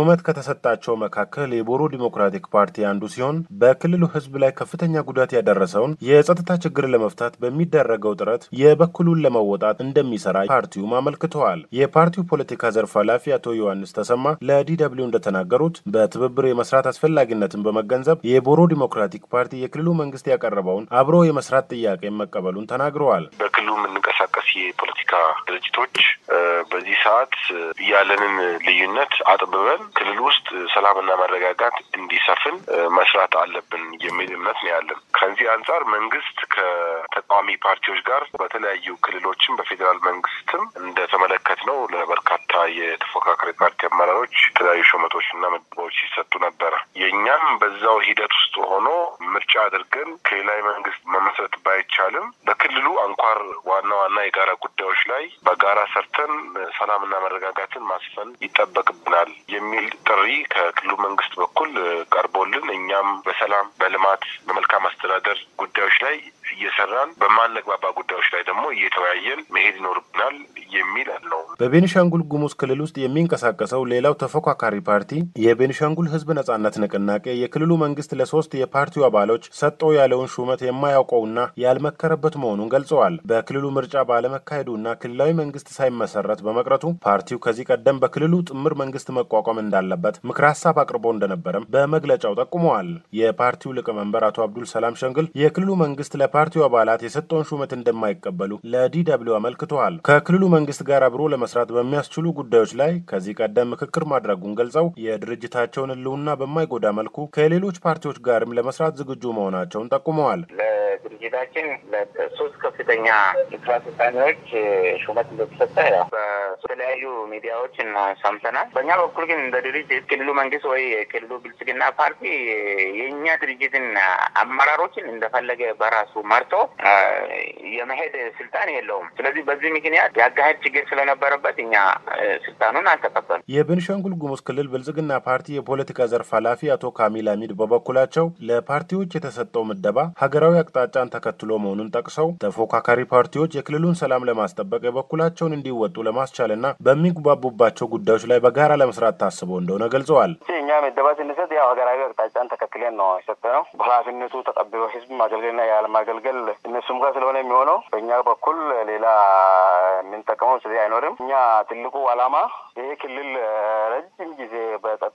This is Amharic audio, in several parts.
ሹመት ከተሰጣቸው መካከል የቦሮ ዲሞክራቲክ ፓርቲ አንዱ ሲሆን በክልሉ ሕዝብ ላይ ከፍተኛ ጉዳት ያደረሰውን የጸጥታ ችግር ለመፍታት በሚደረገው ጥረት የበኩሉን ለመወጣት እንደሚሰራ ፓርቲውም አመልክተዋል። የፓርቲው ፖለቲካ ዘርፍ ኃላፊ አቶ ዮሐንስ ተሰማ ለዲደብሊው እንደተናገሩት በትብብር የመስራት አስፈላጊነትን በመገንዘብ የቦሮ ዲሞክራቲክ ፓርቲ የክልሉ መንግስት ያቀረበውን አብሮ የመስራት ጥያቄ መቀበሉን ተናግረዋል። በክልሉ የምንንቀሳቀስ የፖለቲካ ድርጅቶች በዚህ ሰዓት ያለንን ልዩነት አጥብበን ክልል ውስጥ ሰላምና መረጋጋት እንዲሰፍን መስራት አለብን የሚል እምነት ነው ያለን። ከዚህ አንጻር መንግስት ከተ ተቃዋሚ ፓርቲዎች ጋር በተለያዩ ክልሎችም በፌዴራል መንግስትም እንደተመለከት ነው ለበርካታ የተፎካካሪ ፓርቲ አመራሮች የተለያዩ ሾመቶች እና መድቦች ሲሰጡ ነበረ። የእኛም በዛው ሂደት ውስጥ ሆኖ ምርጫ አድርገን ክልላዊ መንግስት መመስረት ባይቻልም በክልሉ አንኳር ዋና ዋና የጋራ ጉዳዮች ላይ በጋራ ሰርተን ሰላምና መረጋጋትን ማስፈን ይጠበቅብናል የሚል ጥሪ ከክልሉ መንግስት በኩል ቀርቦልን እኛም በሰላም በልማት በመልካም አስተዳደር ጉዳዮች ላይ እየሰራን በማነግባባ ጉዳዮች ላይ ደግሞ እየተወያየን መሄድ ይኖርብናል የሚል አለው። በቤኒሻንጉል ጉሙዝ ክልል ውስጥ የሚንቀሳቀሰው ሌላው ተፎካካሪ ፓርቲ የቤኒሻንጉል ህዝብ ነጻነት ንቅናቄ የክልሉ መንግስት ለሶስት የፓርቲው አባሎች ሰጠው ያለውን ሹመት የማያውቀውና ያልመከረበት መሆኑን ገልጸዋል። በክልሉ ምርጫ ባለመካሄዱና ክልላዊ መንግስት ሳይመሰረት በመቅረቱ ፓርቲው ከዚህ ቀደም በክልሉ ጥምር መንግስት መቋቋም እንዳለበት ምክር ሀሳብ አቅርቦ እንደነበረም በመግለጫው ጠቁመዋል። የፓርቲው ሊቀመንበር አቶ አብዱል ሰላም ሸንግል የክልሉ መንግስት ለፓ የፓርቲው አባላት የሰጠውን ሹመት እንደማይቀበሉ ለዲደብሊው አመልክተዋል። ከክልሉ መንግስት ጋር አብሮ ለመስራት በሚያስችሉ ጉዳዮች ላይ ከዚህ ቀደም ምክክር ማድረጉን ገልጸው የድርጅታቸውን ሕልውና በማይጎዳ መልኩ ከሌሎች ፓርቲዎች ጋርም ለመስራት ዝግጁ መሆናቸውን ጠቁመዋል። ለድርጅታችን ሶስት ከፍተኛ ስራ አስፈጻሚዎች ሹመት እንደተሰጠ የተለያዩ ሚዲያዎችን ሰምተናል። በእኛ በኩል ግን እንደ ድርጅት ክልሉ መንግስት ወይ ክልሉ ብልጽግና ፓርቲ የእኛ ድርጅትን አመራሮችን እንደፈለገ በራሱ መርቶ የመሄድ ስልጣን የለውም። ስለዚህ በዚህ ምክንያት የአካሄድ ችግር ስለነበረበት እኛ ስልጣኑን አልተቀበልም። የቤንሻንጉል ጉሙዝ ክልል ብልጽግና ፓርቲ የፖለቲካ ዘርፍ ኃላፊ አቶ ካሚል አሚድ በበኩላቸው ለፓርቲዎች የተሰጠው ምደባ ሀገራዊ አቅጣጫን ተከትሎ መሆኑን ጠቅሰው ተፎካካሪ ፓርቲዎች የክልሉን ሰላም ለማስጠበቅ የበኩላቸውን እንዲወጡ ለማስቻለ ለመሻሻልና በሚግባቡባቸው ጉዳዮች ላይ በጋራ ለመስራት ታስቦ እንደሆነ ገልጸዋል። እኛ ምደባ ስንሰጥ ያው ሀገራዊ አቅጣጫን ተከትለን ነው ነው። በኃላፊነቱ ተቀብሎ ህዝብ ማገልገልና ያለማገልገል እነሱም ጋር ስለሆነ የሚሆነው በእኛ በኩል ሌላ የምንጠቀመው ስለ አይኖርም። እኛ ትልቁ ዓላማ ይሄ ክልል ረጅም ጊዜ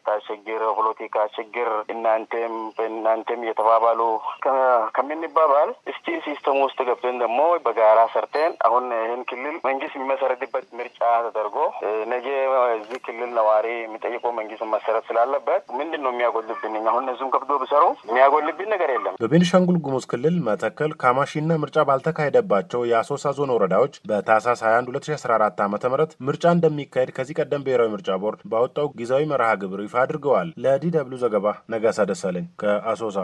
የጸጥታ ችግር፣ ፖለቲካ ችግር እናንተም በእናንተም እየተባባሉ ከምንባባል እስቲ ሲስተም ውስጥ ገብተን ደግሞ በጋራ ሰርተን አሁን ይህን ክልል መንግስት የሚመሰረትበት ምርጫ ተደርጎ ነገ እዚህ ክልል ነዋሪ የሚጠይቀው መንግስት መሰረት ስላለበት ምንድን ነው የሚያጎልብን? አሁን እነሱም ከብዶ ብሰሩ የሚያጎልብን ነገር የለም። በቤኒሻንጉል ጉሙዝ ክልል መተከል፣ ካማሺና ምርጫ ባልተካሄደባቸው የአሶሳ ዞን ወረዳዎች በታህሳስ 21 2014 ዓ ም ምርጫ እንደሚካሄድ ከዚህ ቀደም ብሔራዊ ምርጫ ቦርድ ባወጣው ጊዜያዊ መርሃ ግብር ይፋ አድርገዋል። ለዲ ደብሉ ዘገባ ነጋሳ ደሳለኝ ከአሶሳ